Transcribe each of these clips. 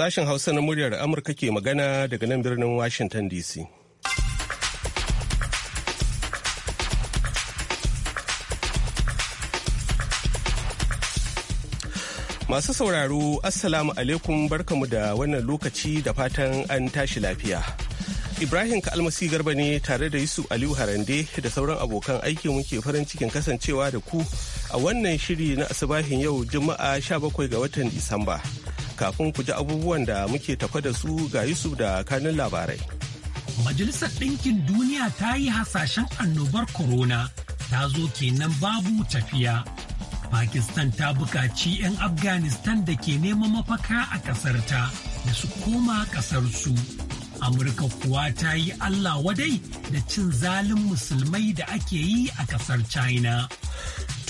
Sashen Hausa na muryar Amurka ke magana daga nan birnin Washington DC. Masu sauraro, Assalamu alaikum barkamu da wannan lokaci da fatan an tashi lafiya. Ibrahim Kalmasi Garba ne tare da Yusuf Aliyu Harande da sauran abokan aiki muke farin cikin kasancewa da ku a wannan shiri na asibahin yau Juma'a 17 ga watan Disamba. kafin ku ji abubuwan da muke tafa da su ga Yusuf da kanin labarai. Majalisar Ɗinkin Duniya ta yi hasashen annobar corona ta zo kenan babu tafiya. Pakistan ta buƙaci 'yan Afghanistan da ke neman mafaka a ƙasarta da su koma su. Amurka kuwa ta yi Allah wadai da cin zalin musulmai da ake yi a ƙasar China.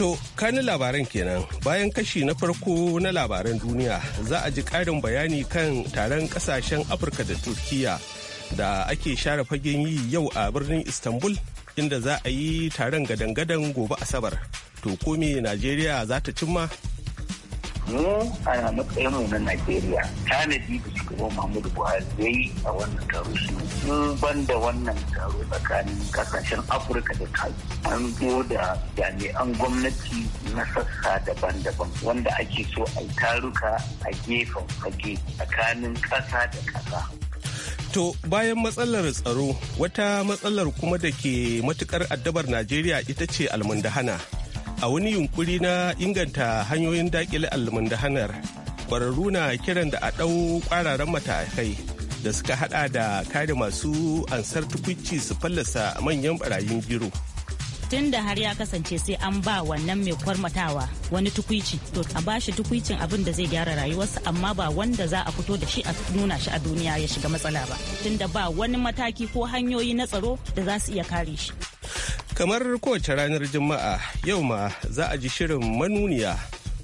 To, kanin labaran kenan bayan kashi na farko na labaran duniya za a ji ƙarin bayani kan taron ƙasashen Afirka da turkiya da ake share fagen yi yau a birnin Istanbul inda za a yi taron gadan-gadan gobe Asabar. To, ko Najeriya za ta cimma mu a matsayin mu na Najeriya tanadi da shugaban Muhammadu Buhari ya yi a wannan taro shi mun da wannan taro tsakanin kasashen Afirka da Kaji an zo da jami'an gwamnati na sassa daban-daban wanda ake so a taruka a gefen fage tsakanin ƙasa da ƙasa. To bayan matsalar tsaro wata matsalar kuma da ke matukar addabar Najeriya ita ce almundahana a wani yunkuri na inganta hanyoyin dakile almundahanar kwararru na kiran da a ɗau ƙwararren matakai da suka hada da kare masu ansar tukuci su fallasa manyan barayin biro tun da har ya kasance sai an ba wannan mai kwarmatawa wani tukwici to a bashi tukwicin abin da zai gyara rayuwarsa amma ba wanda za a fito da shi a nuna shi a duniya ya shiga matsala ba tun da ba wani mataki ko hanyoyi na tsaro da za su iya kare shi kamar kowace ranar juma'a yau ma za a ji shirin manuniya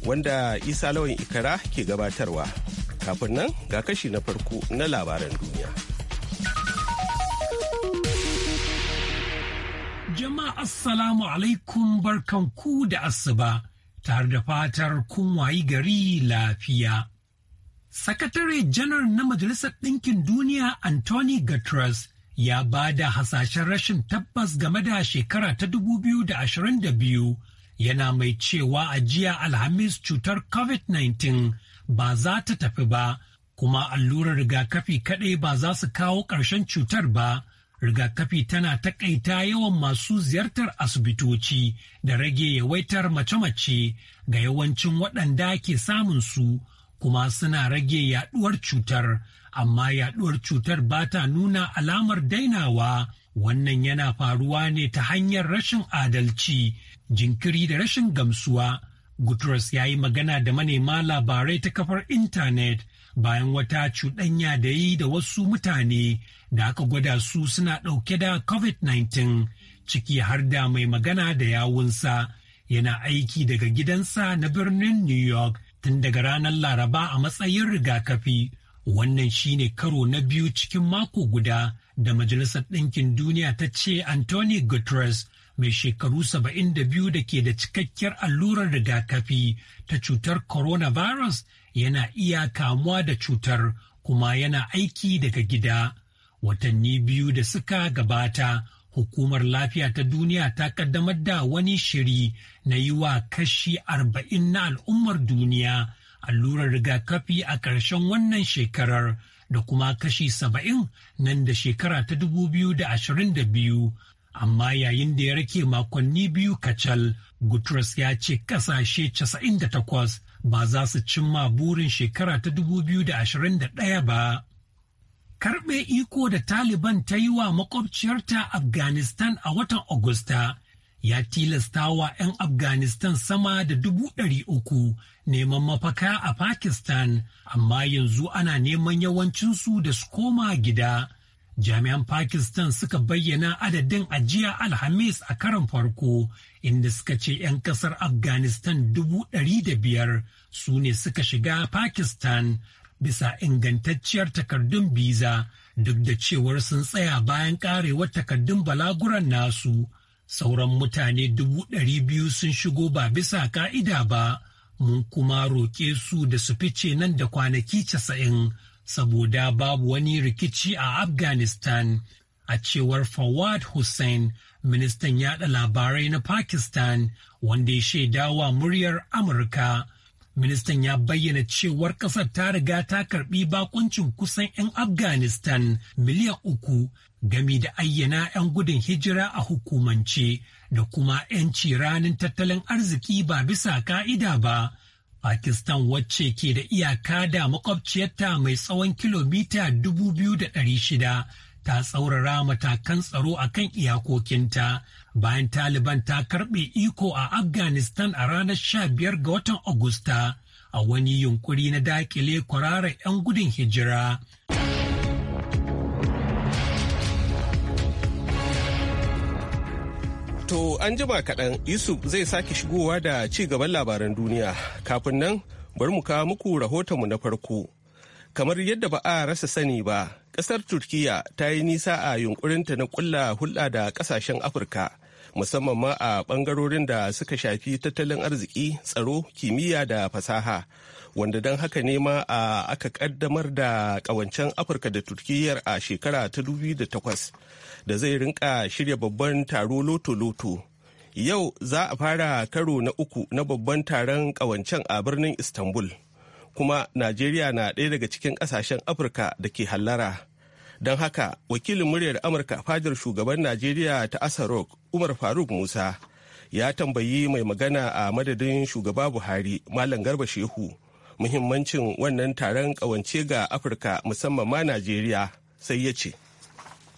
wanda isa lawan ikara ke gabatarwa kafin nan ga kashi na farko na labaran duniya jama'a assalamu alaikum barkan ku da asuba tare da fatar kun wayi gari lafiya sakatare janar na majalisar ɗinkin duniya anthony guterres ya ba da hasashen rashin tabbas game da shekara ta 2022 yana mai cewa ajiya alhamis cutar covid-19 ba za ta tafi ba kuma allurar rigakafi kaɗai ba za su kawo ƙarshen cutar ba rigakafi tana takaita yawan masu ziyartar asibitoci da rage yawaitar mace-mace ga yawancin waɗanda ke samun su kuma suna rage yaduwar cutar amma yaduwar cutar ba ta nuna alamar dainawa wannan yana faruwa ne ta hanyar rashin adalci jinkiri da rashin gamsuwa guterres ya yi magana da manema labarai ta kafar intanet bayan wata cuɗanya da yi da wasu mutane da aka gwada su suna ɗauke da covid-19 ciki har da mai magana da yawunsa yana aiki daga gidansa na birnin new york tun daga ranar Laraba a matsayin rigakafi. Wannan shine karo na biyu cikin mako guda da Majalisar Ɗinkin Duniya ta ce Anthony Guterres mai shekaru 72 da ke da cikakkiyar allurar rigakafi ta cutar coronavirus yana iya kamuwa da cutar kuma yana aiki daga gida. Watanni biyu da suka gabata Hukumar Lafiya ta Duniya ta kaddamar da wani shiri na yi wa kashi arba'in na al'ummar duniya allurar rigakafi a ƙarshen wannan shekarar da kuma kashi saba'in nan da shekara ta dubu amma yayin da ya rake makonni biyu kacal Guterres ya ce kasashe 98 ba za su cimma burin shekara ta 2021 ba. karɓe iko da Taliban ta yi wa makwabciyarta Afghanistan a watan Agusta ya tilasta wa 'yan Afghanistan sama da dubu ɗari uku neman mafaka a Pakistan, amma yanzu ana neman yawancinsu da su koma gida. Jami'an Pakistan suka bayyana adadin ajiya Alhamis a karon farko, inda suka ce 'yan kasar Afghanistan dubu ɗari da biyar su ne suka shiga Pakistan bisa ingantacciyar takardun biza duk da cewar sun tsaya bayan karewar takardun balaguran nasu sauran mutane dubu ɗari biyu sun shigo ba bisa ka'ida ba mun kuma roƙe su da su fice nan da kwanaki casa'in saboda babu wani rikici a afghanistan a cewar fawad hussein ministan yada labarai na pakistan wanda ya shaidawa muryar amurka Ministan ya bayyana cewar ƙasar ta riga ta karbi bakuncin kusan 'yan Afghanistan miliyan uku gami da ayyana 'yan gudun hijira a hukumance da kuma 'yanci ranin tattalin arziki ba bisa ka'ida ba. Pakistan wacce ke da iyaka da makwabciyarta mai tsawon kilomita 2,600 ta tsaurara matakan tsaro a kan iyakokinta bayan Taliban ta karɓe iko a Afghanistan a ranar 15 ga watan Agusta a wani yunkuri na dakile kwararar 'yan gudun hijira. To an jima kaɗan Yusuf zai sake shigowa da ci gaban labaran duniya. Kafin nan bari mu kawo muku rahotonmu na farko. Kamar yadda ba a rasa sani ba, Ƙasar turkiya ta yi nisa a yunkurinta na kulla hulɗa da ƙasashen Afirka, musamman ma a ɓangarorin da suka shafi tattalin arziki, tsaro, kimiyya da fasaha. Wanda don haka ne ma a aka ƙaddamar da ƙawancen Afirka da Turkiyyar a shekara ta 2008 da zai rinka shirya babban taro loto-loto. Yau za a fara karo na uku na babban taron ƙawancen a birnin Istanbul. kuma najeriya na ɗaya daga cikin ƙasashen afirka da ke hallara don haka wakilin muryar amurka fadar shugaban najeriya ta asarok umar faruk musa ya tambayi mai magana a madadin shugaba buhari malam garba shehu muhimmancin wannan taron ƙawance ga afirka musamman ma najeriya sai ya ce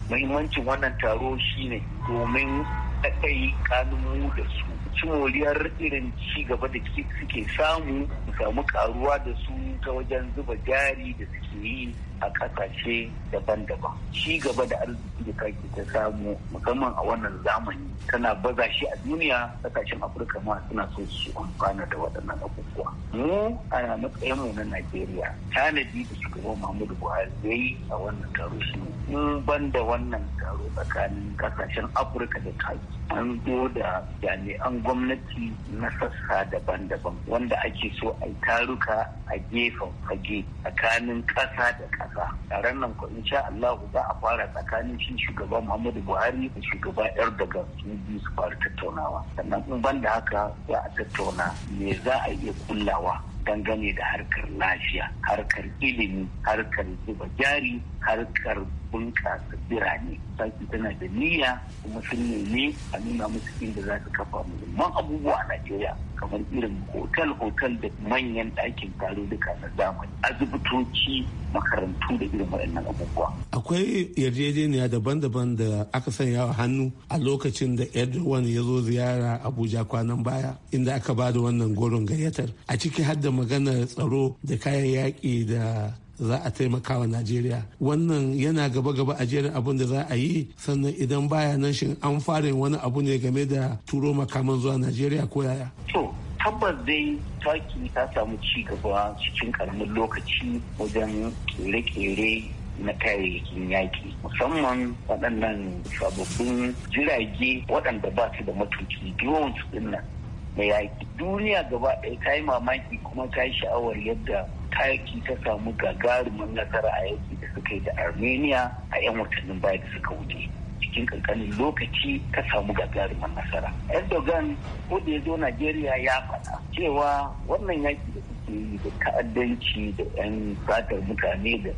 muhimmancin wannan taro shine domin kaɗai kanunmu da su ci moriyar irin ci gaba da suke samu samu karuwa da su ta wajen zuba jari da suke yi a ƙasashe daban-daban shi gaba da arziki da kake ta samu musamman a wannan zamani tana baza shi a duniya ƙasashen afirka ma suna so su amfana da waɗannan abubuwa mu ana matsayinmu na najeriya tanadi da shugaban mahmudu buhari ya yi a wannan taro shi ne. mu ban da wannan taro tsakanin ƙasashen afirka da taki an zo da jami'an gwamnati na sassa daban-daban wanda ake so a yi taruka a gefen fage tsakanin ƙasa da ƙasa kasa taron nan ko sha Allah za a fara tsakanin shi shugaba Muhammadu Buhari da shugaba Erdogan sun biyu su fara tattaunawa sannan in ban da haka za a tattauna me za a iya kullawa dangane da harkar lafiya harkar ilimi harkar zuba jari harkar bunƙasa birane saki tana da niyya kuma sun nemi a nuna musu inda za su kafa muhimman abubuwa a najeriya kamar irin hotel-hotel da manyan ɗakin duka na zamani asibitoci makarantu da irin waɗannan abubuwa akwai yarjejeniya daban-daban da aka sanya wa hannu a lokacin da edwin ya zo ziyara abuja kwanan baya inda aka ba da wannan goron gayyatar a ciki har da maganar tsaro da kayan yaƙi da za a taimakawa najeriya wannan yana gaba-gaba a jerin abun da za a yi sannan idan baya nan shin an fara wani abu ne game da turo makaman zuwa najeriya ko yaya to tabbas dai taki ta samu ci gaba cikin karamin lokaci wajen kere-kere na kayayyakin yaƙi musamman waɗannan sababbin jirage waɗanda ba su da matuki drones ɗin nan da yaƙi duniya gaba ɗaya ta yi mamaki kuma ta yi sha'awar yadda taki ta samu gagarumin nasara a yaƙi da suka yi da armenia a 'yan watannin baya da suka wuce cikin kankanin lokaci ta samu gagarumin nasara erdogan ko da ya zo najeriya ya faɗa cewa wannan yaƙi da suke yi da ta'addanci da 'yan fatar mutane da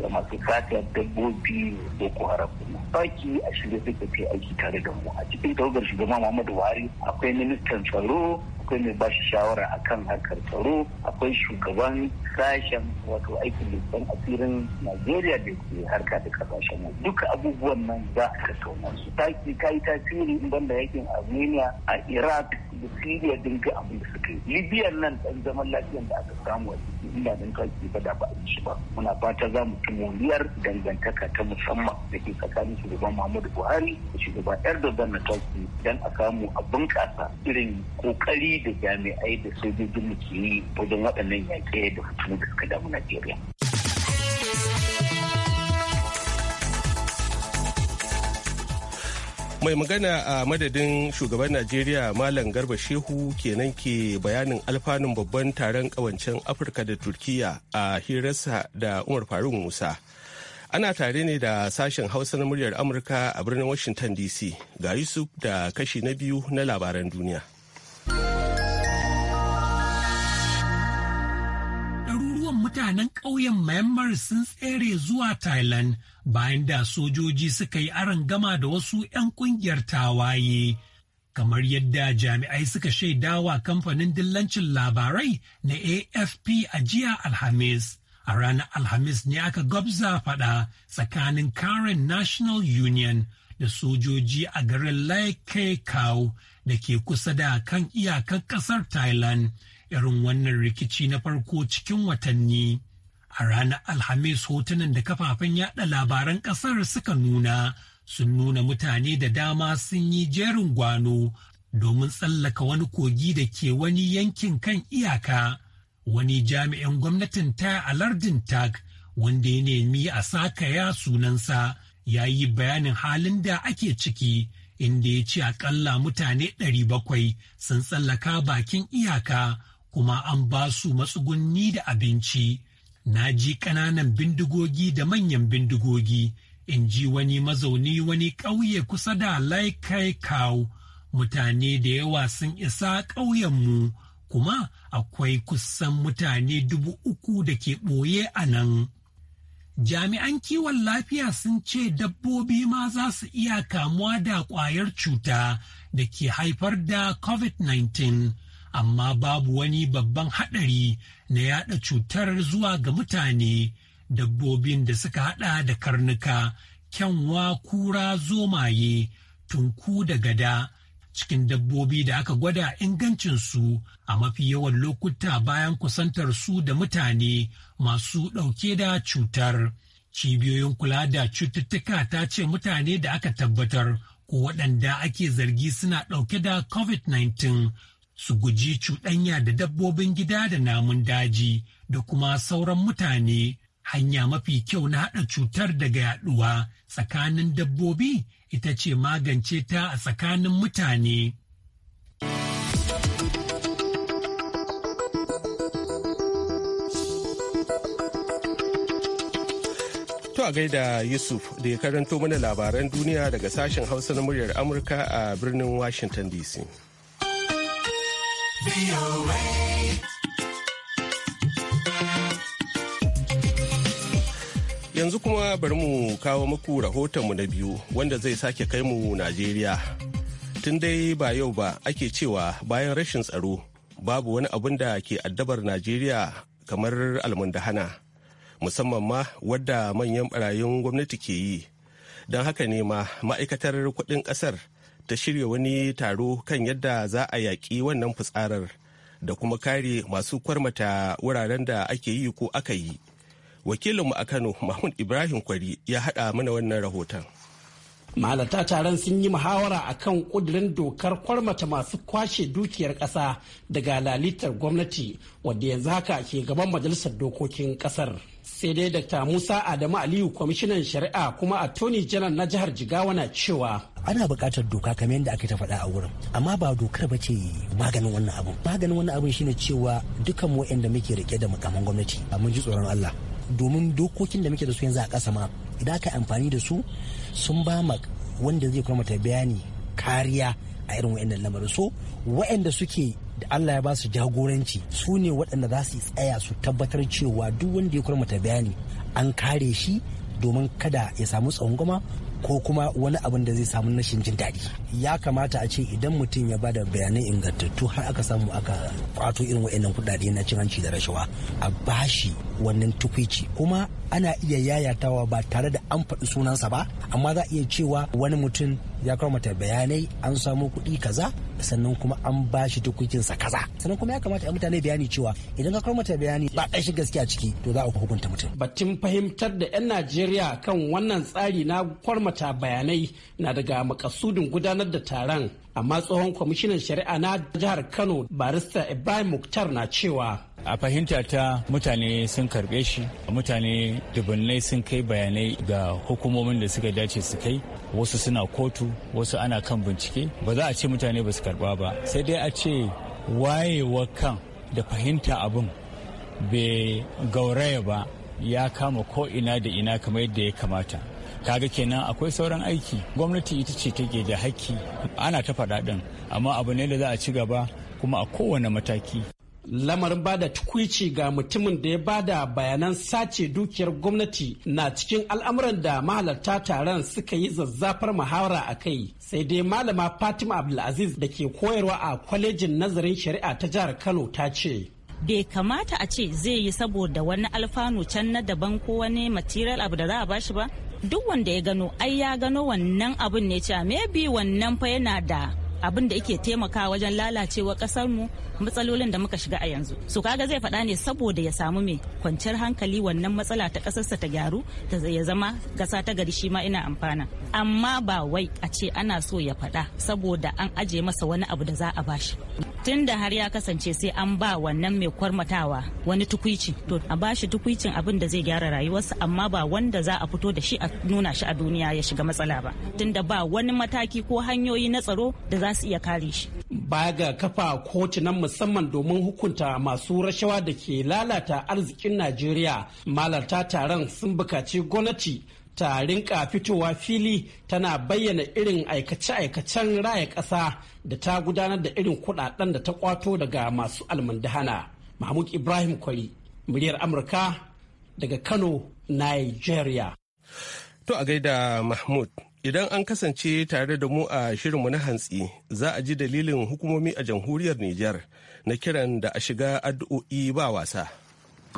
da masu satar dabbobi boko haram baki a shirye suka ke aiki tare da mu a cikin tawagar shugaban muhammadu buhari akwai ministan tsaro akwai mai ba shi shawara akan harkar tsaro akwai shugaban sashen wato aikin leƙen asirin najeriya da ke harka da kasashen mu duka abubuwan nan za a tattauna su taki kai tasiri banda yakin armenia a iraq da siriya dinga abin da suka yi libyan nan ɗan zaman lafiyan da aka samu a ina din kai ba da ba a ba muna fata za mu ci moriyar dangantaka ta musamman da ke tsakanin shugaban muhammadu buhari da shugaban erdogan na turkey dan a samu a bunƙasa irin kokari da jami'ai da sojojin mu ke yi wajen waɗannan yaƙe da fitinu da suka damu najeriya mai magana a madadin shugaban najeriya malam garba shehu kenan ke bayanin alfanun babban taron kawancen afirka da turkiya a hirarsa da umar faruk musa ana tare ne da sashen hausa na muryar amurka a birnin washington dc ga yusuf da kashi na biyu na labaran duniya yawan mutanen ƙauyen Myanmar sun tsere zuwa Thailand bayan da sojoji suka yi aron gama da wasu 'yan ƙungiyar tawaye. Kamar yadda jami'ai suka shaidawa kamfanin dillancin labarai na AFP a jiya Alhamis. A ranar Alhamis ne aka gwabza faɗa tsakanin Karen National Union da sojoji a garin Lai Kau da ke kusa da kan iyakar ƙasar Thailand. irin wannan rikici na farko cikin watanni. A ranar Alhamis hotunan da kafafen yada labaran ƙasar suka nuna sun nuna mutane da dama sun yi jerin gwano domin tsallaka wani kogi da ke wani yankin kan iyaka. Wani jami'in gwamnatin ta a lardin tag wanda ya nemi a sa-ka-ya sunansa ya yi bayanin halin da ake ciki inda ya ce akalla mutane 700 sun tsallaka bakin iyaka kuma an ba su matsugunni da abinci na ji ƙananan bindigogi da manyan bindigogi in ji wani mazauni wani ƙauye kusa da laikai kaw mutane da yawa sun isa ƙauyenmu kuma akwai kusan mutane dubu uku da ke ɓoye a nan jami'an kiwon lafiya sun ce dabbobi ma za su iya kamuwa da ƙwayar cuta da ke haifar da covid-19 amma babu wani babban haɗari na yaɗa cutar zuwa ga mutane dabbobin da suka haɗa da karnuka kyanwa kura zomaye tunku da gada cikin dabbobi da aka gwada ingancinsu a mafi yawan lokuta bayan kusantar su da mutane masu ɗauke da cutar. Cibiyoyin kula da cututtuka ta ce mutane da aka tabbatar ko waɗanda ake zargi suna ɗauke da COVID-19 su guji cuɗanya da dabbobin gida da namun daji da kuma sauran mutane hanya mafi kyau na haɗa cutar daga yaɗuwa tsakanin dabbobi ita ce magance ta a tsakanin mutane. To a gaida Yusuf da ya karanto mana labaran duniya daga sashen Hausa na muryar Amurka a birnin Washington DC. Yanzu kuma bari mu kawo muku rahotonmu na biyu wanda zai sake kai mu Najeriya. Tun dai ba yau ba ake cewa bayan rashin tsaro babu wani abun da ke addabar Najeriya kamar almundahana musamman ma wadda manyan barayin gwamnati ke yi. Don haka ne ma ma'aikatar kudin kasar ta shirya wani taro kan yadda za a yaƙi wannan fitsarar da kuma kare masu kwarmata wuraren da ake yi ko aka yi wakilinmu a kano mahmud ibrahim kwari ya haɗa mana wannan rahoton malata taron sun yi muhawara a kan ƙudurin dokar kwarmata masu kwashe dukiyar ƙasa daga lalitar gwamnati wadda yanzu haka ke gaban majalisar dokokin ƙasar sai dai dr musa adamu aliyu kwamishinan shari'a kuma a tony janar na jihar jigawa na cewa ana buƙatar doka kamar yadda aka ta faɗa a wurin amma ba dokar ba ce maganin wannan abu maganin wannan abun shine cewa dukkan mu waɗanda muke rike da makaman gwamnati mun ji tsoron Allah domin dokokin da muke da su yanzu a ƙasa ma idan aka amfani da su sun ba ma wanda zai kuma ta bayani kariya a irin wa'annan lamarin so waɗanda suke da Allah ya ba su jagoranci su ne waɗanda za su tsaya su tabbatar cewa duk wanda ya kurmata bayani an kare shi domin kada ya samu tsangwama ko kuma wani abin da zai samu nashin jin daɗi ya kamata a ce idan mutum ya bada bayanai ingantattu har aka samu aka kwato irin wa'annan kuɗaɗe na cin hanci da rashawa a bashi wannan tukwici kuma ana iya yayatawa ba tare da an faɗi sunansa ba amma za a iya cewa wani mutum ya mata bayanai an samu kuɗi kaza sannan kuma an ba shi tukukinsa kaza sannan kuma ya kamata a mutane bayani cewa idan ka mata bayani ba shi gaskiya ciki to za a hukunta mutum. batun fahimtar da 'yan najeriya kan wannan tsari na kwarmata bayanai na daga makasudin gudanar da taron amma tsohon kwamishinan shari'a na jihar kano barista ibrahim muktar na cewa a fahimta ta mutane sun karbe shi mutane dubunnai sun kai bayanai ga hukumomin da suka dace su kai wasu suna kotu wasu ana kan bincike ba za a ce mutane ba su karba ba sai dai a ce wayewa kan da fahimta abin bai gauraya ba ya kama ko'ina da ina kamar yadda ya kamata kaga kenan akwai sauran aiki gwamnati ita ce take da haƙƙi ana ta faɗaɗin amma abu ne da za a ci gaba kuma a kowane mataki lamarin bada tukwici ga mutumin da ya ba da bayanan sace dukiyar gwamnati na cikin al'amuran da mahalarta taron suka yi zazzafar muhawara a kai sai dai malama fatima abdulaziz da ke koyarwa a kwalejin nazarin shari'a ta jihar kano ta ce bai kamata a ce zai yi saboda wani alfanu can na daban ko wani material abu da za a bashi ba duk wanda ya gano ai ya gano wannan abun ne cewa maybe wannan fa yana da abin da yake taimakawa wajen lalacewa kasar mu matsalolin da muka shiga a yanzu so kaga zai faɗa ne saboda ya samu mai kwanciyar hankali wannan matsala ta ƙasarsa ta gyaru ta ya zama gasa ta gari shi ma ina amfana amma ba wai a ce ana so ya faɗa saboda an aje masa wani abu da za a bashi tun da har ya kasance sai an ba wannan mai kwarmatawa wani tukwici to a bashi tukwicin abin da zai gyara rayuwarsa amma ba wanda za a fito da shi a nuna shi a duniya ya shiga matsala ba tun da ba wani mataki ko hanyoyi na tsaro da za su iya kare shi baya ga kafa kotunan musamman domin hukunta masu rashawa da ke lalata arzikin Najeriya. Malarta taron sun bukaci gwamnati ta rinka fitowa fili tana bayyana irin aikace-aikacen raya ƙasa da ta gudanar da irin kuɗaɗen da ta kwato daga masu almandahana, Mahmud Ibrahim Kwari, muryar Amurka daga Kano, Nigeria. To a gaida Mahmud. Idan an kasance tare da mu a shirinmu na hantsi, za a ji dalilin hukumomi a jamhuriyar Nijar na kiran da a shiga addu'o'i ba wasa.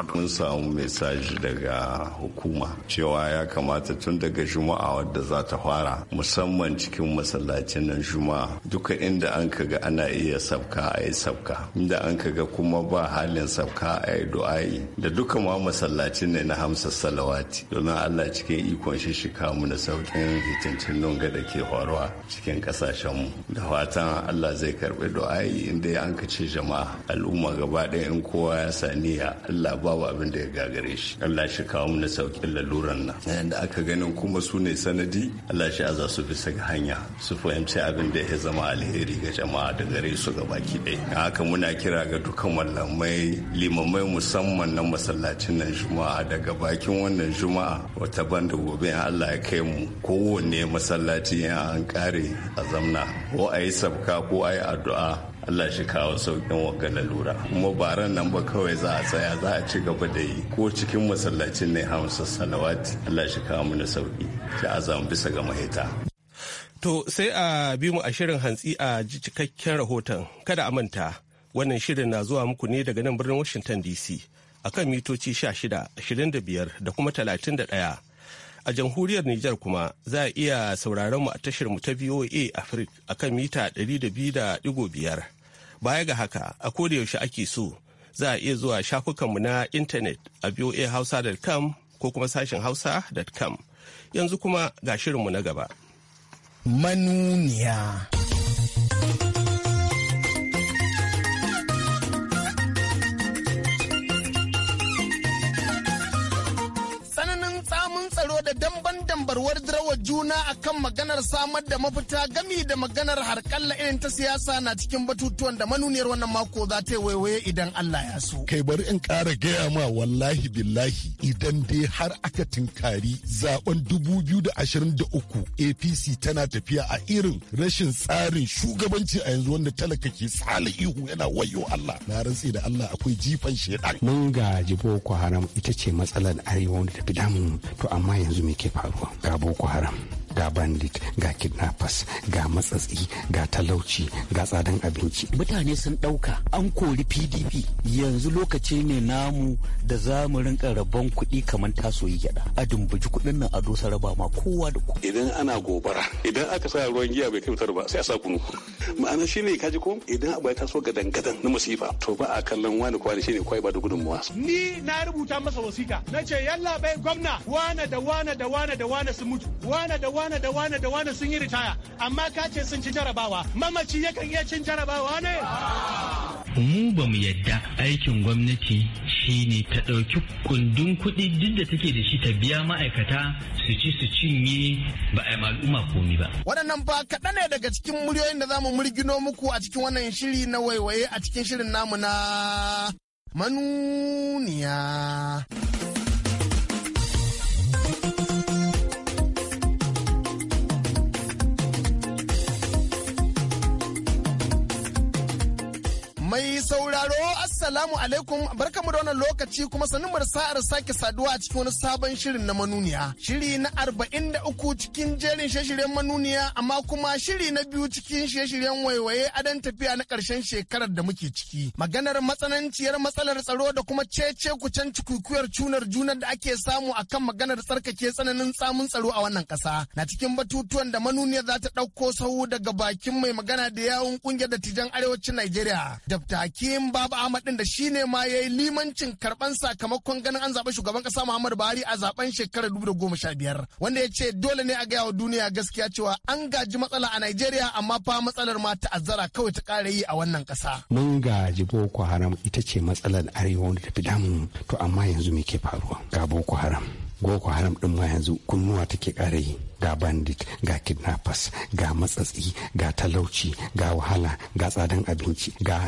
mun samu mesaji daga hukuma cewa ya kamata tun daga juma'a wadda za ta fara musamman cikin masallacin nan juma'a duka inda an kaga ana iya sabka a yi sabka inda an kaga kuma ba halin sabka a yi du'a'i da duka ma masallacin ne na hamsa salawati domin allah cikin ikon shi shi kamu da sauƙin hitincin nonga da ke faruwa cikin kasashen mu da fatan allah zai karɓi du'a'i inda an ka ce jama'a al'umma gaba ɗaya in kowa ya saniya allah babu abin da ya gagare shi Allah shi kawo mu na sauƙin laluran nan yayin da aka ganin kuma su ne sanadi Allah shi za su bisa ga hanya su fahimci abin da ya zama alheri ga jama'a da gare su ga baki ɗaya haka muna kira ga dukkan mallamai. limamai musamman na masallacin nan juma'a daga bakin wannan juma'a wata banda gobe in Allah ya kai mu kowanne masallaci in an kare a zamna ko a yi sabka ko a yi addu'a Allah shi kawo sauƙin wagga lalura kuma baran nan ba kawai za a tsaya za a ci gaba da yi ko cikin masallacin ne hamsa salawati Allah shi kawo mana sauƙi Ki azam bisa ga mahita to sai a bi mu a shirin hantsi a cikakken rahoton kada a manta wannan shirin na zuwa muku ne daga nan birnin Washington DC a kan mitoci 16 25 da kuma talatin da ɗaya; a jamhuriyar Nijar kuma za a iya sauraron mu a tashar mu ta VOA Africa a kan mita 200.5 Baya ga haka, a yaushe ake so, za a iya zuwa shafukanmu na intanet a voahausa.com ko kuma sashen hausa.com. Yanzu kuma ga shirinmu na gaba. Manuniya. wardrawar juna akan maganar samar da mafita gami da maganar harkalla irin ta siyasa na cikin batutuwan da manuniyar wannan mako za ta waiwaye idan Allah ya so. Kai bari in ƙara gaya ma wallahi billahi idan dai har aka tinkari zaben 2023 APC tana tafiya a irin rashin tsarin shugabanci a yanzu wanda talaka ke tsala ihu yana wayo Allah. Na rantse da Allah akwai jifan shaidan. Mun gaji Boko Haram ita ce matsalar arewa wanda tafi damun to amma yanzu me ke faruwa? ta boko haram ga bandit ga kidnappers ga matsatsi ga talauci ga tsadan abinci mutane sun ɗauka an kori pdp yanzu lokaci ne namu da za mu rinka rabon kuɗi kamar yi gyada a dumbuji kuɗin nan a dosa raba ma kowa da kowa idan ana gobara idan aka sa ruwan giya bai kai ba sai a sa kunu ma'ana shine kaji ko idan abu ya taso gadan gadan na musifa to ba a kallon wani kwani shine kwai ba da gudunmuwa ni na rubuta masa wasiƙa na ce yalla bai gwamna wana da wana da wana da wana su mutu wana da wane wane da wane da wane sun yi ritaya amma ka ce sun ci jarabawa mamaci yakan iya cin jarabawa ne mu ba mu yadda aikin gwamnati shine ta ɗauki kundin kuɗi duk da take da shi ta biya ma'aikata su ci su cinye ba a al'umma komi ba. Waɗannan ba kaɗan ne daga cikin muryoyin da za mu murgino muku a cikin wannan shiri na waiwaye a cikin shirin namu na manuniya. Mai sauraro Assalamu alaikum barkamu da wannan lokaci kuma sanin mu sa'ar sake saduwa a cikin wani sabon shirin na manuniya. Shiri na arba'in da uku cikin jerin shirye manuniya amma kuma shiri na biyu cikin shirye-shiryen waiwaye adan tafiya na ƙarshen shekarar da muke ciki. Maganar matsananciyar matsalar tsaro da kuma cece kucen cikikiyar cunar juna da ake samu a kan maganar tsarkake tsananin tsamin tsaro a wannan ƙasa. Na cikin batutuwan da manuniya za ta ɗauko sahu daga bakin mai magana da yawun ƙungiyar dattijan arewacin Najeriya. Dabta Hakim Baba Ahmad mutumin da shine ma ya yi limancin karɓar sakamakon ganin an zaɓi shugaban ƙasa Muhammadu Buhari a zaɓen shekarar dubu goma sha biyar wanda ya ce dole ne a gaya wa duniya gaskiya cewa an gaji matsala a Najeriya amma fa matsalar ma ta'azzara kawai ta ƙara yi a wannan ƙasa. Mun gaji Boko Haram ita ce matsalar arewa wanda tafi damu to amma yanzu me ke faruwa ga Boko Haram. Boko Haram ɗin ma yanzu kunnuwa take ƙara yi. ga bandit ga kidnappers ga matsatsi ga talauci ga wahala ga tsadan abinci ga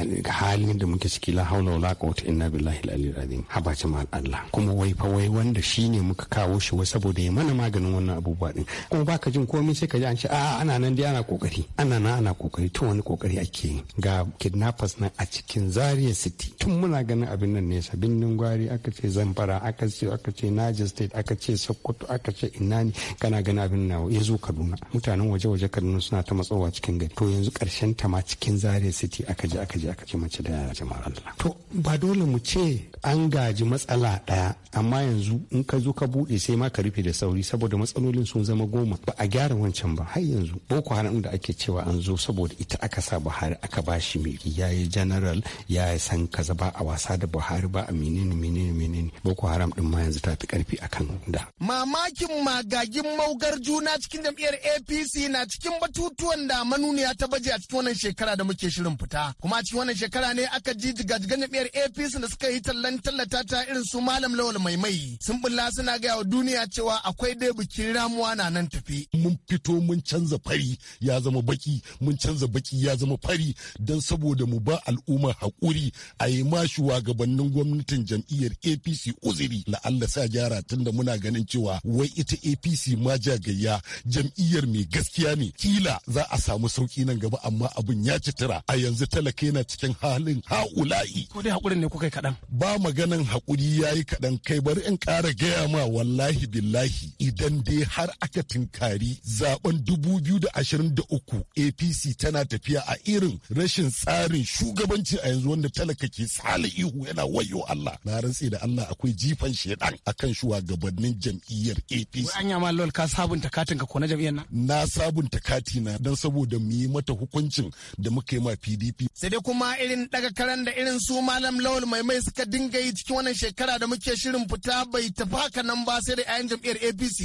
halin da muke ciki la haula wala quwwata illa billahi al-aliyyil azim haba jama'al Allah kuma wai fa wai wanda shine muka kawo shi wai saboda ya mana maganin wannan abubuwa din kuma baka jin komai sai ka ji an ce a ana nan dai ana kokari ana nan ana kokari to wani kokari ake yi ga kidnappers na a cikin Zaria City tun muna ganin abin nan ne sabin gwari aka ce Zamfara aka ce aka ce Niger State aka ce Sokoto aka ce inani kana ganin abin abin na ya zo kaduna mutanen waje-waje kaduna suna ta matsowa cikin gari to yanzu karshen ta ma cikin zaria city aka je aka je aka ce mace da yara jama'ar allah to ba dole mu ce an gaji matsala daya amma yanzu in ka zo ka buɗe sai ma ka rufe da sauri saboda matsalolin sun zama goma ba a gyara wancan ba har yanzu boko haram da ake cewa an zo saboda ita aka sa buhari aka ba shi miki ya yi general ya san kaza ba a wasa da buhari ba a menene menene menene boko haram din ma yanzu ta fi karfi akan da mamakin magagin maugar juna cikin jam'iyyar APC na cikin batutuwan da manuniya ta baje a cikin wannan shekara da muke shirin fita. Kuma a cikin wannan shekara ne aka ji jigajigan jam'iyyar APC da suka yi tallan tallata ta irin su Malam Lawal Maimai. Sun bulla suna gaya wa duniya cewa akwai dai bikin ramuwa na nan tafi. Mun fito mun canza fari ya zama baki, mun canza baki ya zama fari dan saboda mu ba al'umma haƙuri a yi ma shugabannin gwamnatin jam'iyyar APC uziri la'alla sa gyara tunda muna ganin cewa wai ita APC ma gai. gayya jam'iyyar mai gaskiya ne kila za a samu sauki nan gaba amma abin ya citira a yanzu talaka yana cikin halin ha'ula'i ko dai hakurin ne kuka kaɗan ba maganan hakuri yayi kaɗan kai bari in ƙara gaya ma wallahi billahi idan dai har aka tinkari zaben 2023 apc tana tafiya a irin rashin tsarin shugabanci a yanzu wanda talaka ke tsala ihu yana wayo Allah na rantse da Allah akwai jifan shedan akan shugabannin jam'iyyar apc sabunta katin ka ko na jam'iyyar nan na sabunta kati na dan saboda mu yi mata hukuncin da muka yi ma PDP sai dai kuma irin daga karan da irin su malam Lawal mai mai suka dinga yi cikin wannan shekara da muke shirin fita bai tafi haka nan ba sai da 'ya'yan jam'iyyar APC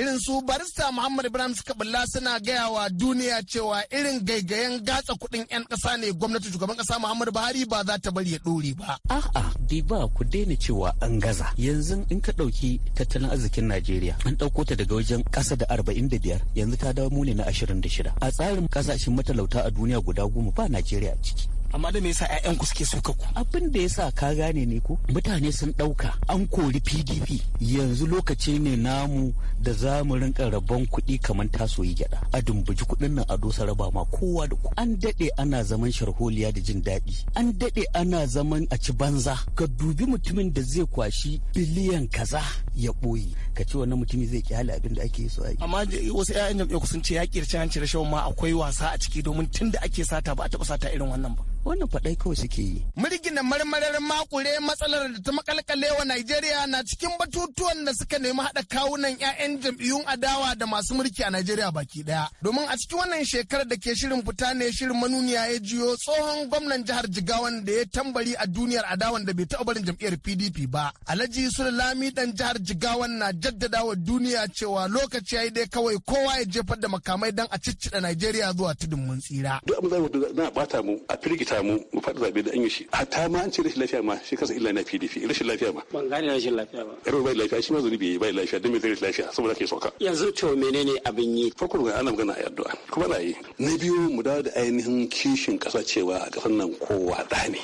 irin su barista Muhammad Ibrahim suka bulla suna gaya wa duniya cewa irin gaigayen gatsa kuɗin 'yan ƙasa ne gwamnati shugaban ƙasa Muhammadu Buhari ba za ta bari ya ɗore ba. A'a, bi ba ku daina cewa an gaza. Yanzu in ka ɗauki tattalin arzikin Najeriya, an ɗauko ta daga wajen ƙasar da arba'in da biyar yanzu ta dawo muni ne na ashirin da shida a tsarin kasashen matalauta a duniya guda goma ba najeriya ciki amma da me yasa ƴaƴan ku suke suka ku abin da yasa ka gane ne ko mutane sun ɗauka an kori PDP yanzu lokaci ne namu da za mu rinka rabon kuɗi kamar tasoyi gyada. a dumbuji kuɗin nan a dosa raba ma kowa da ku an daɗe ana zaman sharholiya da jin daɗi an daɗe ana zaman a ci banza ka dubi mutumin da zai kwashi biliyan kaza ya ɓoye ka ce wannan mutumi zai kyale abin da ake so a yi amma wasu ƴaƴan jam'iyyar sun ce ya kirci hanci rashawa ma akwai wasa a ciki domin tun da ake sata ba a taɓa sata irin wannan ba wannan faɗai kawai suke yi. Mirgina marmarar makure matsalar da ta makalkale wa Najeriya na cikin batutuwan da suka nemi haɗa kawunan 'ya'yan jam'iyyun adawa da masu mulki a Najeriya baki ɗaya. Domin a cikin wannan shekarar da ke shirin fita ne shirin manuniya ya jiyo tsohon gwamnan jihar Jigawan da ya tambari a duniyar adawan da bai taɓa barin jam'iyyar PDP ba. Alhaji lami dan jihar Jigawan na jaddada wa duniya cewa lokaci ya yi dai kawai kowa ya jefar da makamai don a ciccida Najeriya zuwa tudun mun tsira. Duk abin da na bata mu a firgita rikita mu mu faɗi zaɓe da an yi shi hatta ma an ce rashin lafiya ma shi kansa illa na PDP rashin lafiya ma ban gane rashin lafiya ba irin bai lafiya shi ma zunubi bai bai lafiya dan me zai rashin lafiya saboda ke soka yanzu to menene abin yi farko ga ana magana a addu'a kuma na yi na biyu mu dawo da ainihin kishin ƙasa cewa a ƙasar nan kowa da ne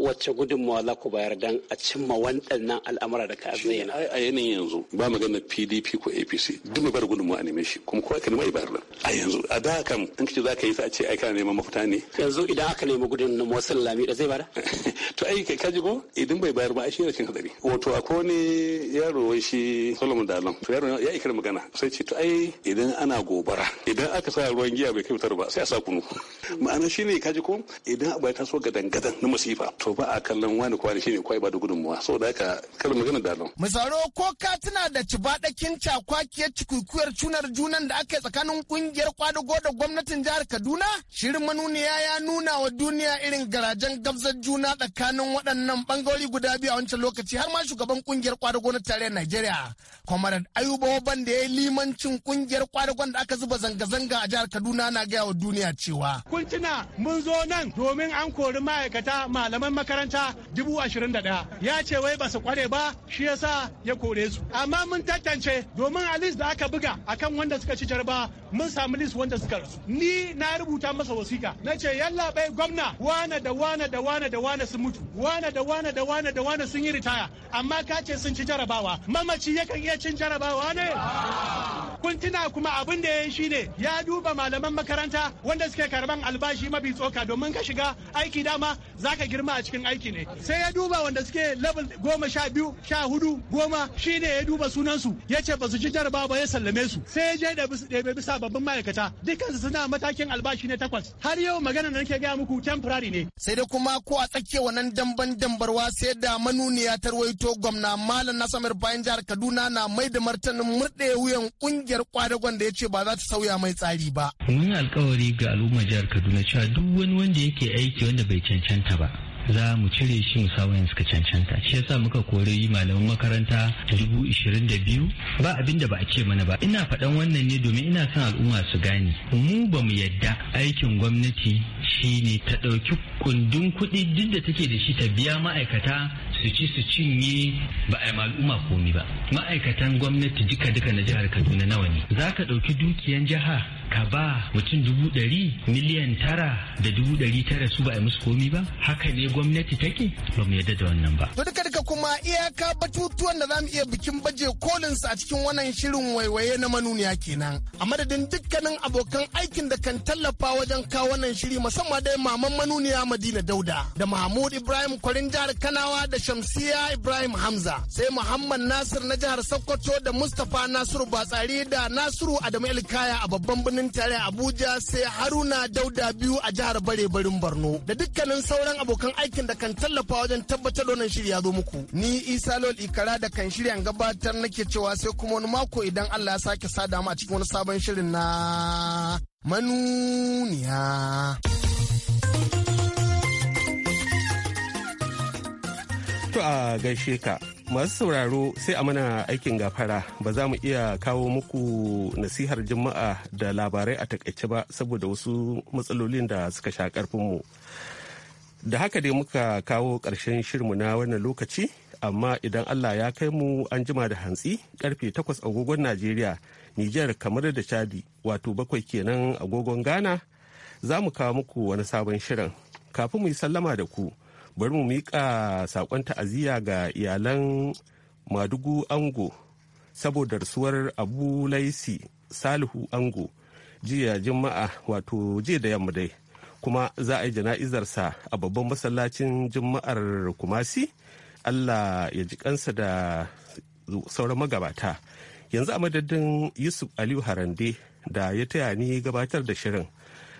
wacce gudunmawa za ku bayar dan a cimma waɗannan al'amura da ka zayyana a yanayin yanzu ba magana PDP ko APC duk mu bar gudunmawa a neme shi kuma kowa ka nemi a bayar a yanzu a da kam in kace za ka yi sa a ce ai kana neman mafuta ne yanzu idan aka nemi gudun wannan na Lamida zai bada? To ai kai kaji ko idan bai bayar ba ai shi ne cin hadari. Wato akwai wani yaro wai shi Solomon Dalon. To yaro ya ikira magana sai ce to ai idan ana gobara idan aka sa ruwan giya bai kai fitar ba sai a sa kunu. Ma'ana shi ne kaji ko idan bai taso gadan-gadan na masifa to ba a kallon wani kwani shi ne kwai ba da gudunmuwa saboda haka kar magana Dalon. Misaro ko ka tuna da cibadakin cakwakiyar cikikiyar cunar junan da aka yi tsakanin kungiyar kwadago da gwamnatin jihar Kaduna? Shirin manuniya ya nuna wa duniya irin garajen gamsar juna tsakanin waɗannan bangarori guda biyu a wancan lokaci har ma shugaban kungiyar kwadagon na tarayyar Najeriya Comrade Ayuba Oban da ya yi limancin kungiyar kwadagon da aka zuba zanga-zanga a jihar Kaduna na gaya wa duniya cewa. Kun tuna mun zo nan domin an kori ma'aikata malaman makaranta dubu ashirin da ɗaya ya ce wai ba su kware ba shi yasa ya kore su amma mun tantance domin a list da aka buga akan wanda suka ci jarba mun samu list wanda suka rasu ni na rubuta masa wasiƙa na ce yalla gwamna wane da wane da wane da wane sun mutu wane da wane da wane da wane sun yi ritaya amma ka ce sun ci jarabawa mamaci yakan iya cin jarabawa ne kun tuna kuma abin da ya yi shine ya duba malaman makaranta wanda suke karban albashi mafi tsoka domin ka shiga aiki dama zaka girma a cikin aiki ne sai ya duba wanda suke level goma sha biyu sha hudu goma shine ya duba sunansu ya ce ba su ci jarabawa ba ya sallame su sai ya je da bisa babban ma'aikata dukansu suna matakin albashi ne takwas har yau magana da nake gaya muku temporary ne sai dai kuma ko a tsakiyar wannan damban dambarwa sai da manuniya tarwaito gwamna malam samar bayan jihar kaduna na mai da martanin murɗe wuyan kungiyar. kungiyar kwadagon da ya ce ba za ta sauya mai tsari ba. Mun alkawari ga al'ummar jihar Kaduna cewa duk wani wanda yake aiki wanda bai cancanta ba. za mu cire shi mu samu suka cancanta shi yasa muka kore yi malaman makaranta dubu ishirin da biyu ba abin da ba a ce mana ba ina faɗan wannan ne domin ina son al'umma su gane mu ba mu yadda aikin gwamnati shine ta ɗauki kundin kuɗi duk da take da shi ta biya ma'aikata su ci su cinye ba a yi al'umma komi ba ma'aikatan gwamnati duka duka na jihar kaduna nawa ne za ka ɗauki dukiyan jiha ka ba mutum dubu ɗari miliyan tara da dubu ɗari tara su ba a musu komi ba haka ne gwamnati take ba mu yadda da wannan ba. To duka duka kuma iyaka batutuwan da za mu iya bikin baje kolin a cikin wannan shirin waiwaye na manuniya kenan. A madadin dukkanin abokan aikin da kan tallafa wajen kawo wannan shiri musamman dai maman manuniya Madina Dauda da Mahmud Ibrahim Kwarin jihar Kanawa da Shamsiya Ibrahim Hamza sai Muhammad Nasir na jihar Sokoto da Mustapha Nasiru Batsari da Nasiru Adamu Elkaya a babban birnin birnin tare Abuja sai Haruna Dauda biyu a jihar Bare barin Borno da dukkanin sauran abokan aikin da kan tallafa wajen tabbatar da wannan shirya zo muku. Ni Isa Lol Ikara da kan shirya gabatar nake cewa sai kuma wani mako idan Allah ya sake sada mu a cikin wani sabon shirin na manuniya. To a gaishe ka masu sauraro sai a mana aikin gafara ba za mu iya kawo muku nasihar juma'a da labarai a takaice ba saboda wasu matsalolin da suka sha karfinmu da haka dai muka kawo ƙarshen shirmu na wannan lokaci amma idan allah ya kai mu an jima da hantsi karfe 8 agogon najeriya nijar kamar da chadi wato bakwai kenan agogon ghana za mu kawo muku wani sabon shirin kafin mu yi sallama da ku bari mu miƙa sakon ta'aziyya ga iyalan madugu ango saboda rasuwar abu laisi salihu ango jiya jima'a wato jiya da yamma dai kuma za a yi jana'izarsa a babban masallacin jima'ar kumasi allah ya ji kansa da sauran magabata yanzu a madadin yusuf aliyu harande da ya taya ni gabatar da shirin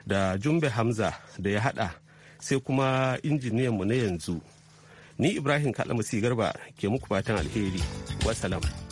da jumbe hamza da ya hada sai kuma injiniyan mu na yanzu ni ibrahim kalamasi garba ke muku fatan alheri wasalam